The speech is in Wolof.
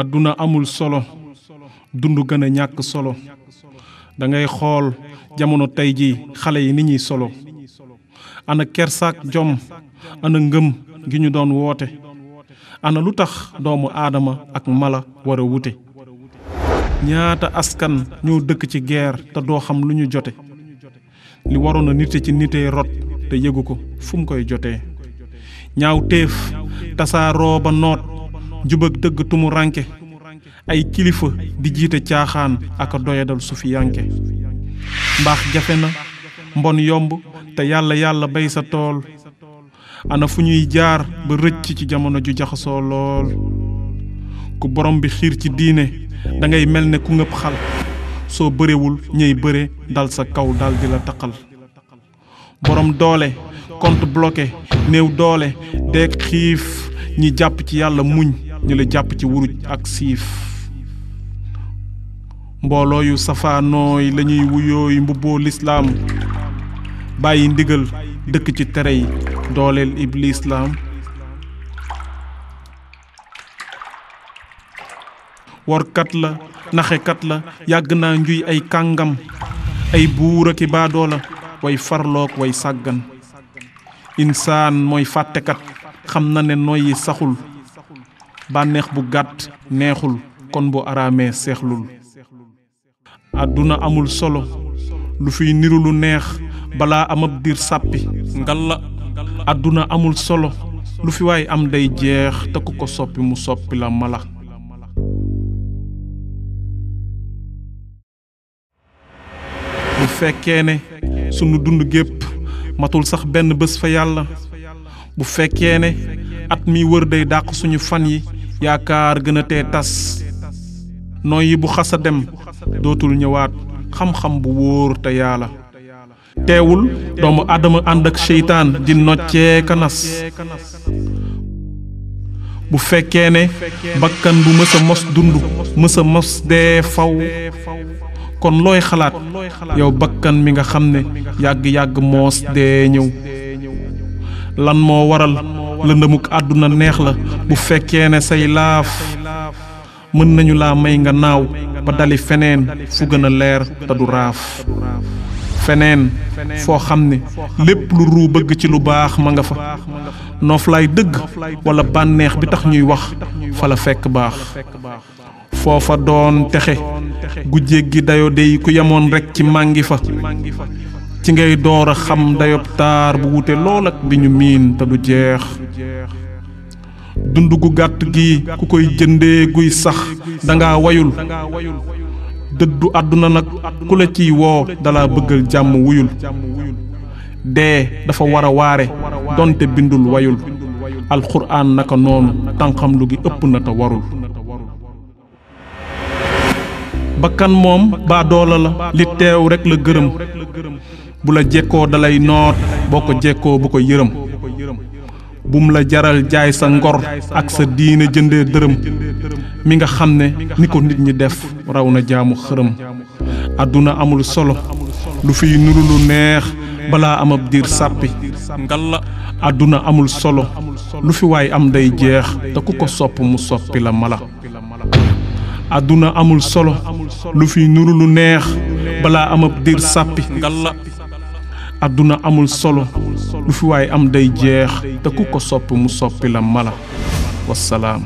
àdduna amul solo dund gën a ñàkk solo da ngay xool jamono tey ji xale yi ni ñuy solo ana kersaak jom ana ngëm gi ñu doon woote ana lu tax doomu aadama ak mala wara a wute ñaata askan ñoo dëkk ci guerre te doo xam lu ñu jote li waroon a nite ci nitee rot te yëgu ko fu mu koy jotee ñaaw téef tasaaroo ba noot jubak dëgg tumu ranke ay kilifa di jiite caaxaan aka doyadal sufiyanke mbaax jafe na mbon yomb te yàlla yàlla bay sa tool ana fu ñuy jaar ba rëcc ci jamono ju jaxasoo lool ku borom bi xiir ci diine da ngay mel ni ku ngëpp xal soo bërewul ñey bëre dal sa kaw dal di la taqal borom doole compte bloqué néew doole deeg xiif ñi jàpp ci yàlla muñ ñu la jàpp ci wuruj ak siif mbooloo yu safaanooy lañuy ñuy wuyooy mbubboo lislaam bàyyi ndigal dëkk ci tere yi dooleel iblis laam workat la naxekat la yàgg naa njuy ay kàngam ay buur aki baadoo la way farloog way sàggan insaan mooy fàttekat xam na ne noyyi saxul bànneex bu gàtt neexul kon bu araamee seexlul àdduna amul solo lu fiy niru lu neex balaa amab diir sàppi àdduna amul solo lu fi waay am day jeex te ko soppi mu soppi la mala bu fekkee ne sunu dund gépp matul sax benn bés fa yàlla bu fekkee ne at mi wër day dàq suñu fan yi yaakaar gën a tee tas yi bu xas a dem dootul ñëwaat xam-xam bu wóor te yàlla teewul doomu aadama ànd ak seytaan di noccee kanas bu fekkee ne bakkan bu mësa mos dund mësa mos dee faw kon looy xalaat yow bakkan mi nga xam ne yàgg-yàgg moos dee ñëw lan moo waral lëndëmuk àdduna neex la bu fekkee ne say laaf mën nañu laa may nga naaw ba dali feneen fu gën leer te du raaf feneen foo xam ne lépp lu ruu bëgg ci lu baax ma nga fa lay dëgg walla bànneex bi tax ñuy wax fa la fekk baax foofa doon texe gu jéggi dayo dey ku yemoon rekk ci màngi fa ci ngay door a xam dayob taar bu wute lool ak bi ñu miin te du jeex dund gu gàtt gi ku koy jëndee guy sax danga wayul dëddu àdduna nag ku la ciy woo dala bëggal jàmm wuyul dee dafa war a waare donte bindul wayul alxuraan naka noonu tànqam lu gi ëpp na te warul bakkan moom baa doola la li rekk la gërëm bu la jekkoo dalay noot boo ko jekkoo bu ko yërëm bum la jaral jaay sa ngor ak sa diine jëndee dërëm mi nga xam ne ni ko nit ñi def raw na jaamu xërëm àdduna amul solo lu fiy lu neex balaa am ab diir sàppi ngalla àdduna amul solo lu fi waay am day jeex te ku ko sopp mu soppi la mala àdduna amul solo lu fiy nuru lu neex balaa am ab diir sàppi àdduna amul solo lu fi waaye am day jeex te ku ko sopp mu soppi la mala wasalaam